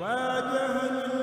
waajal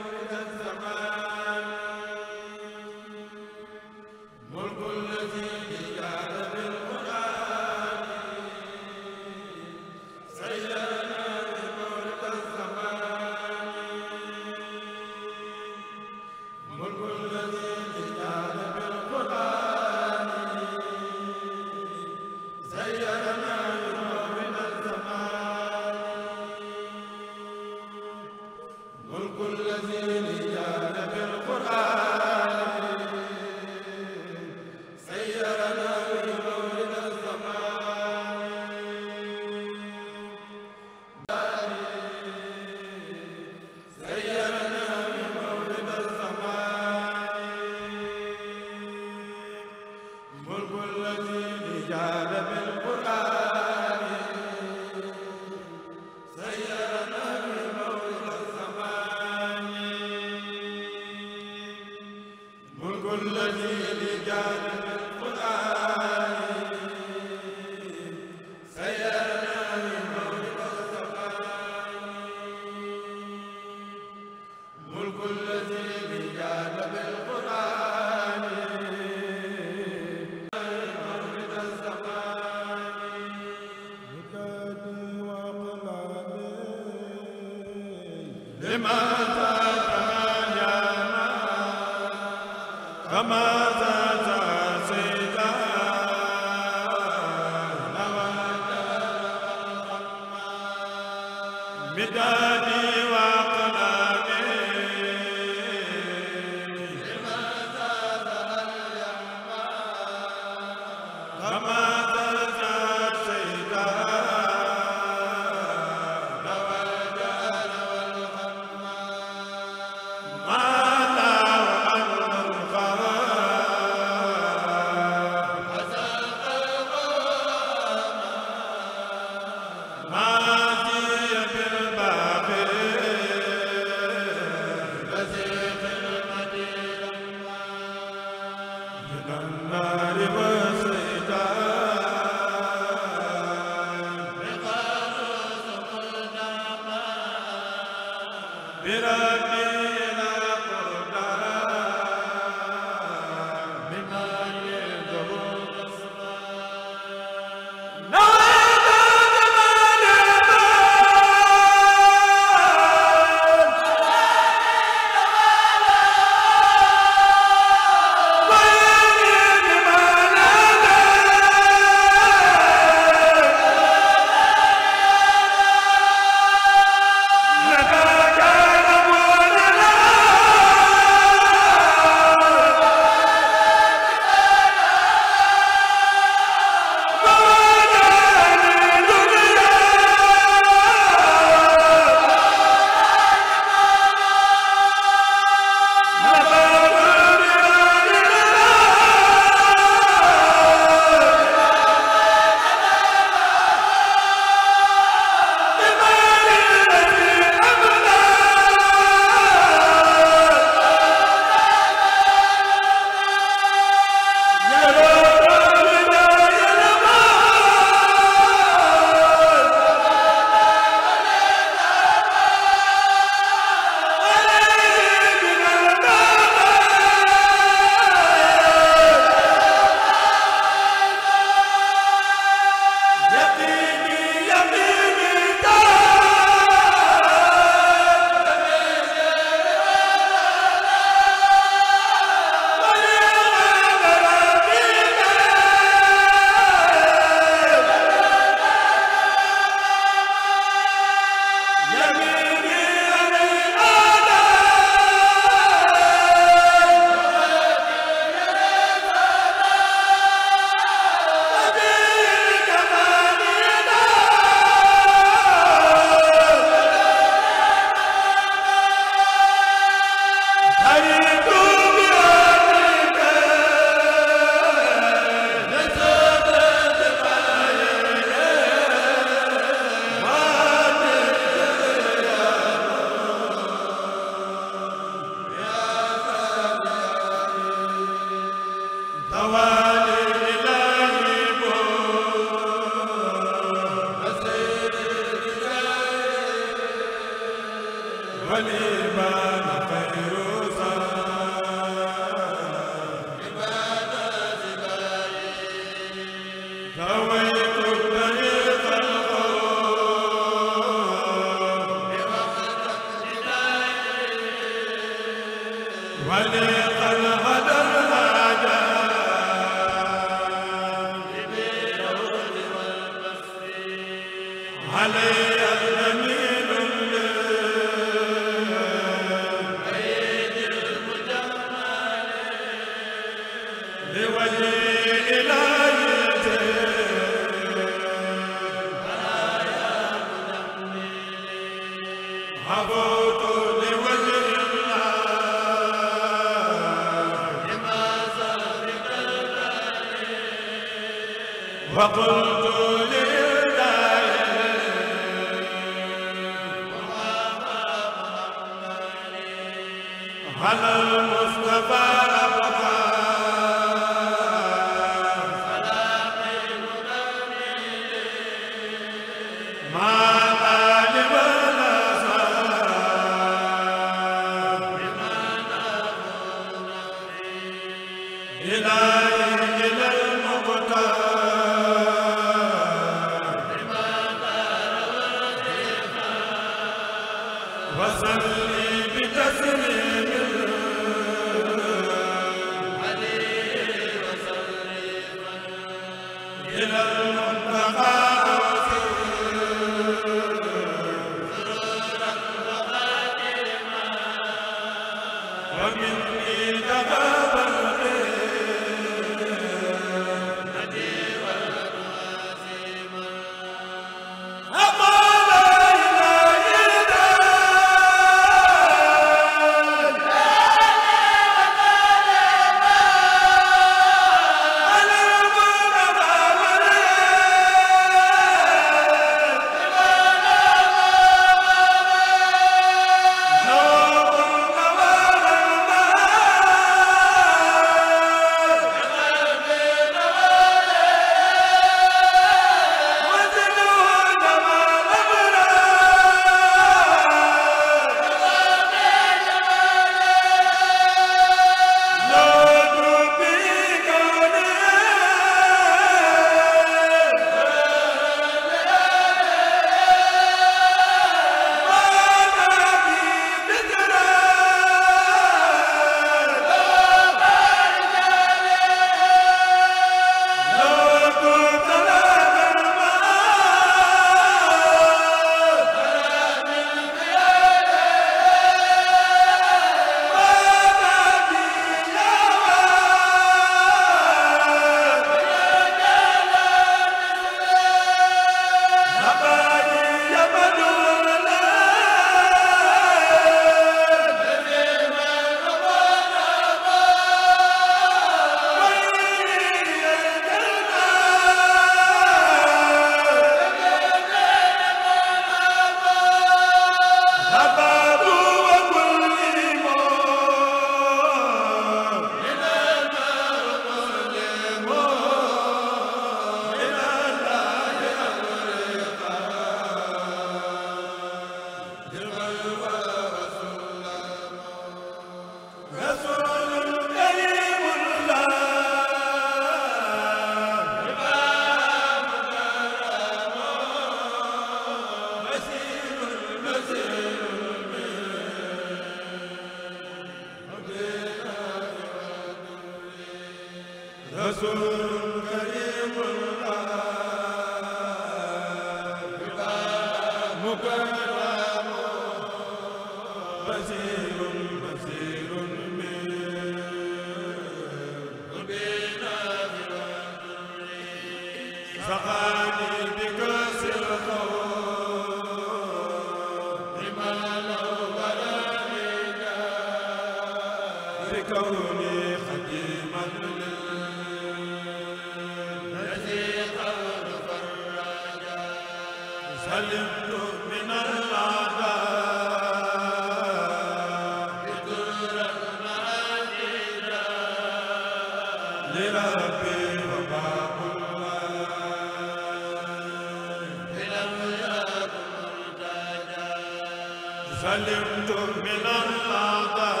سلمت من الأعضاء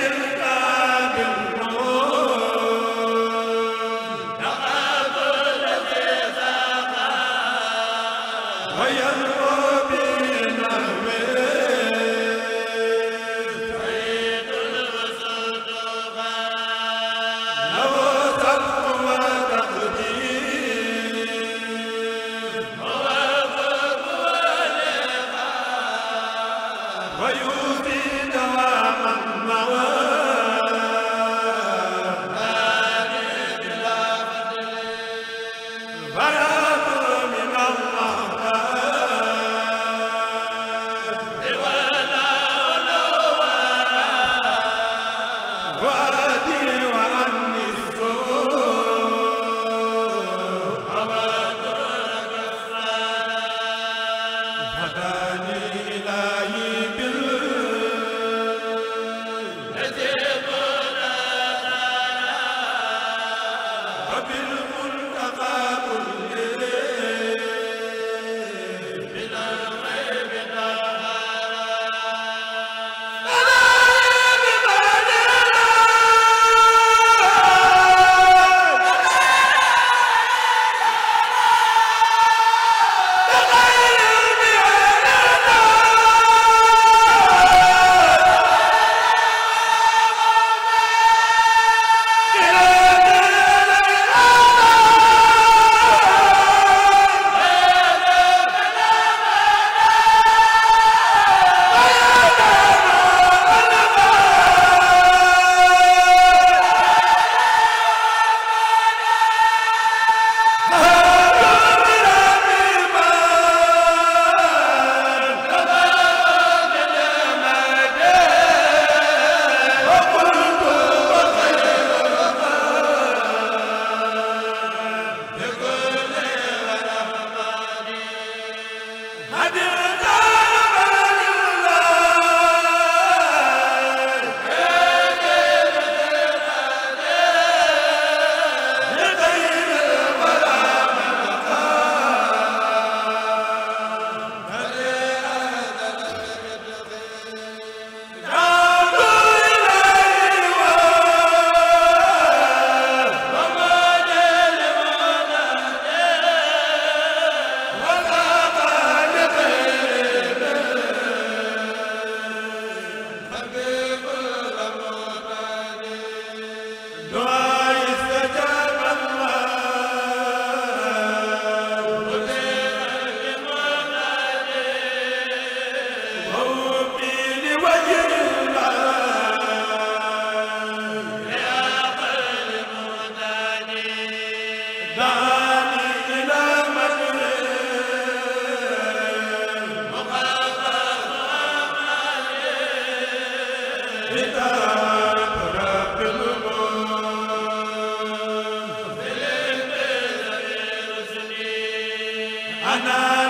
ana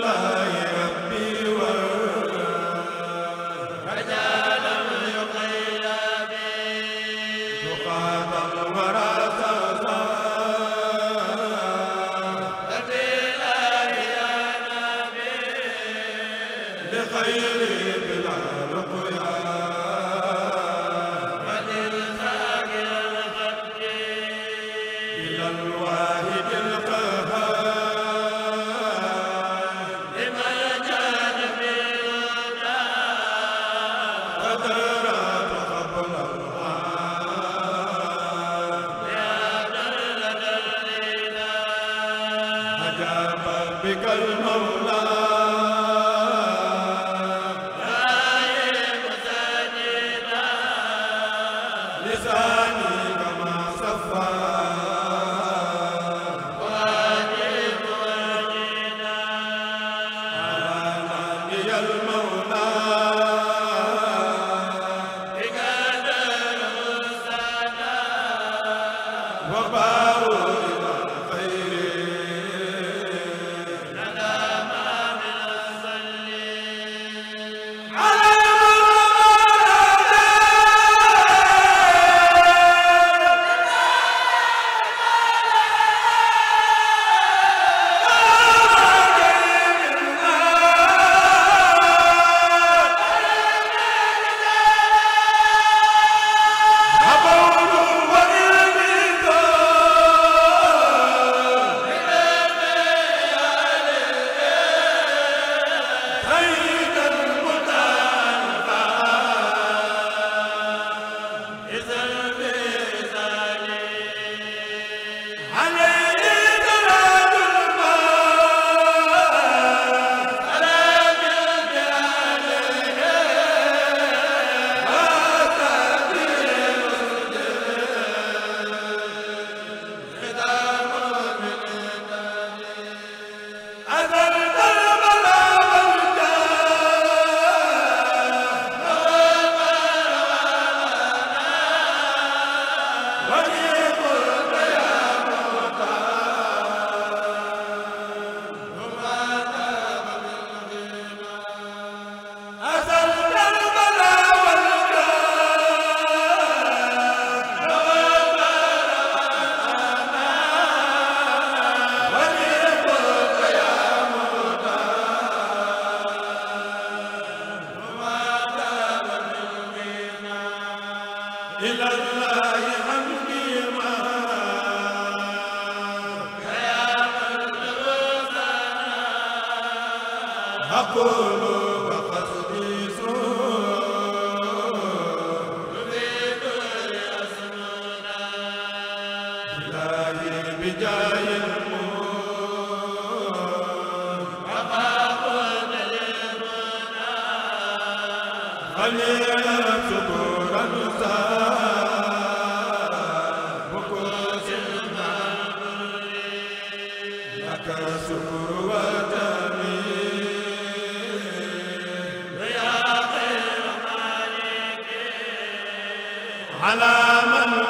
la ala man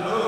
la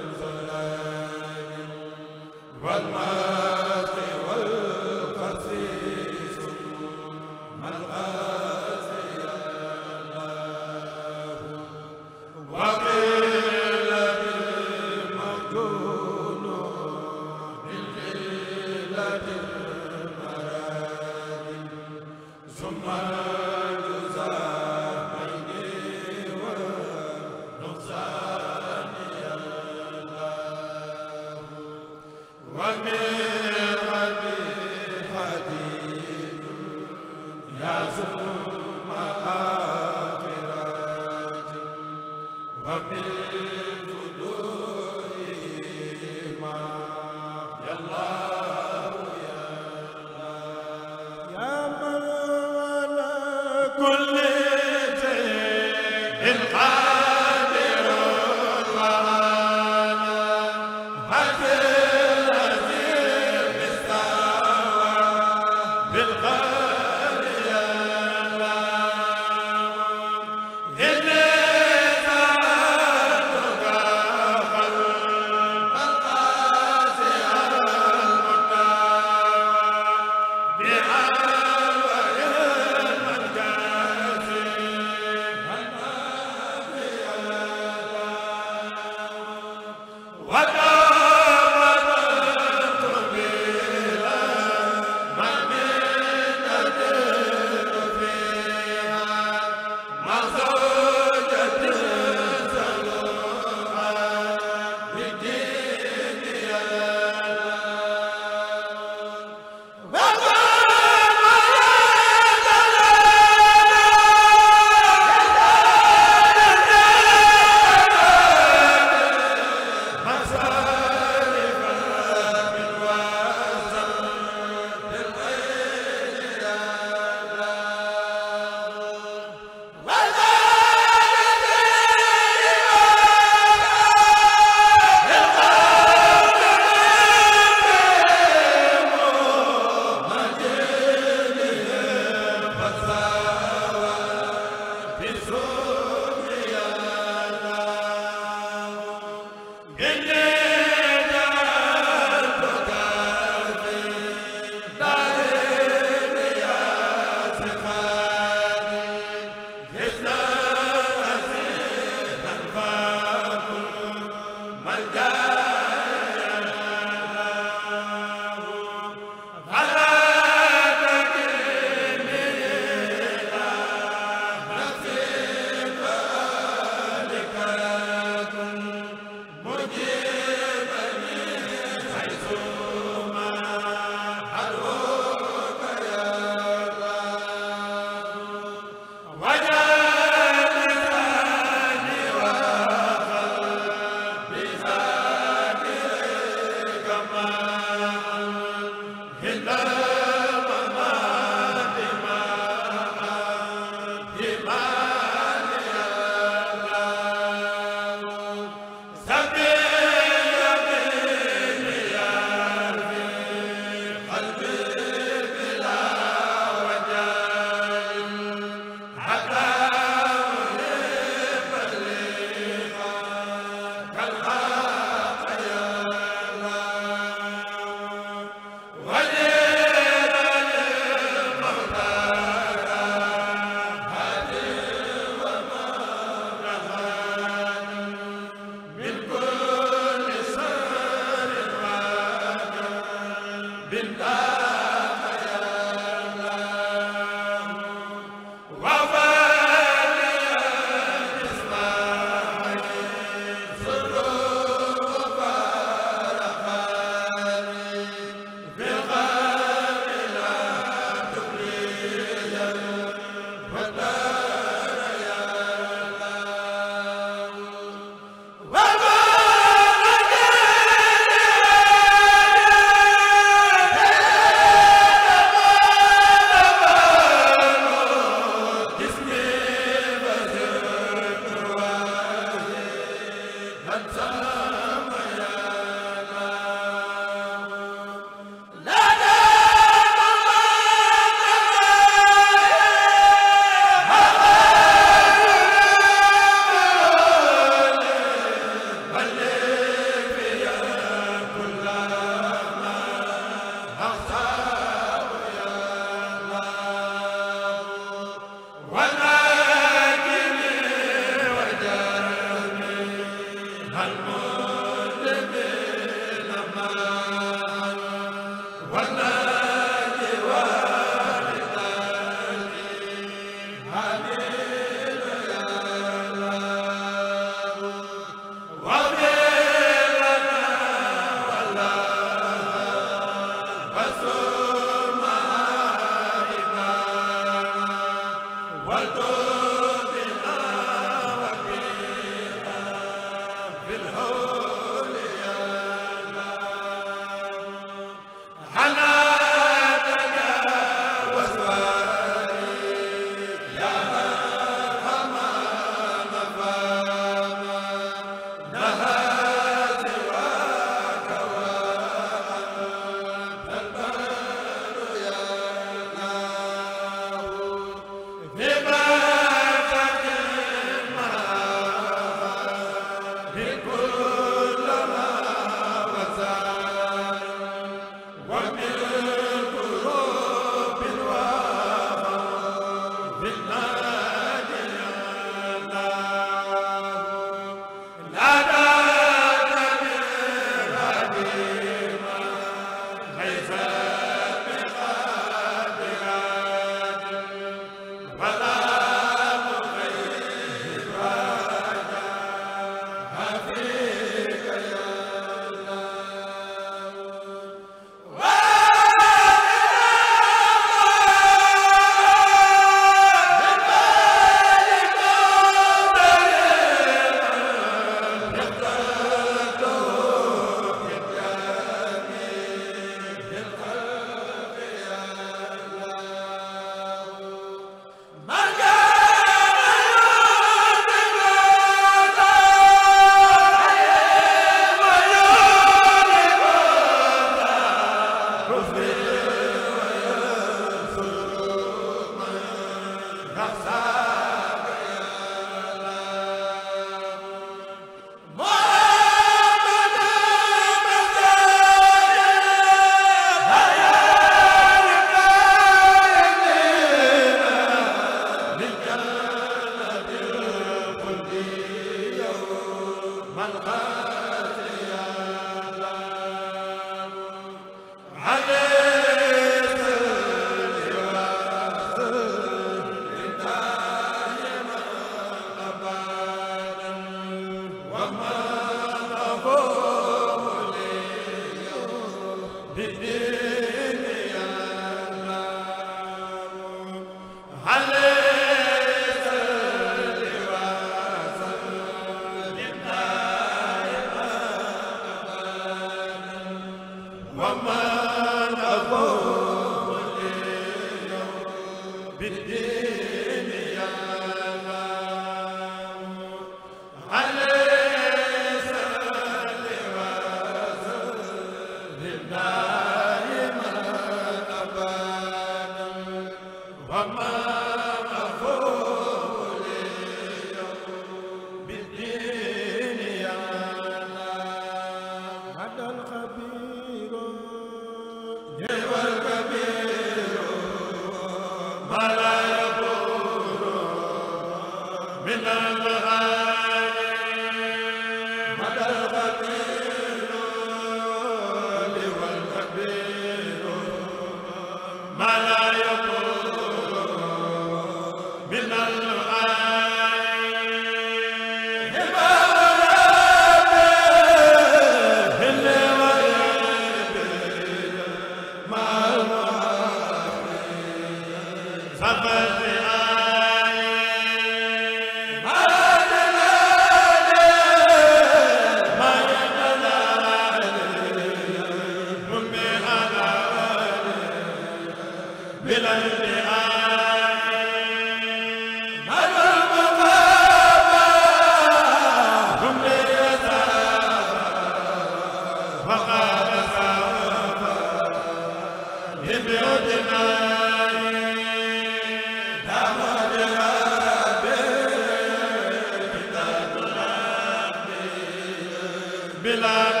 bila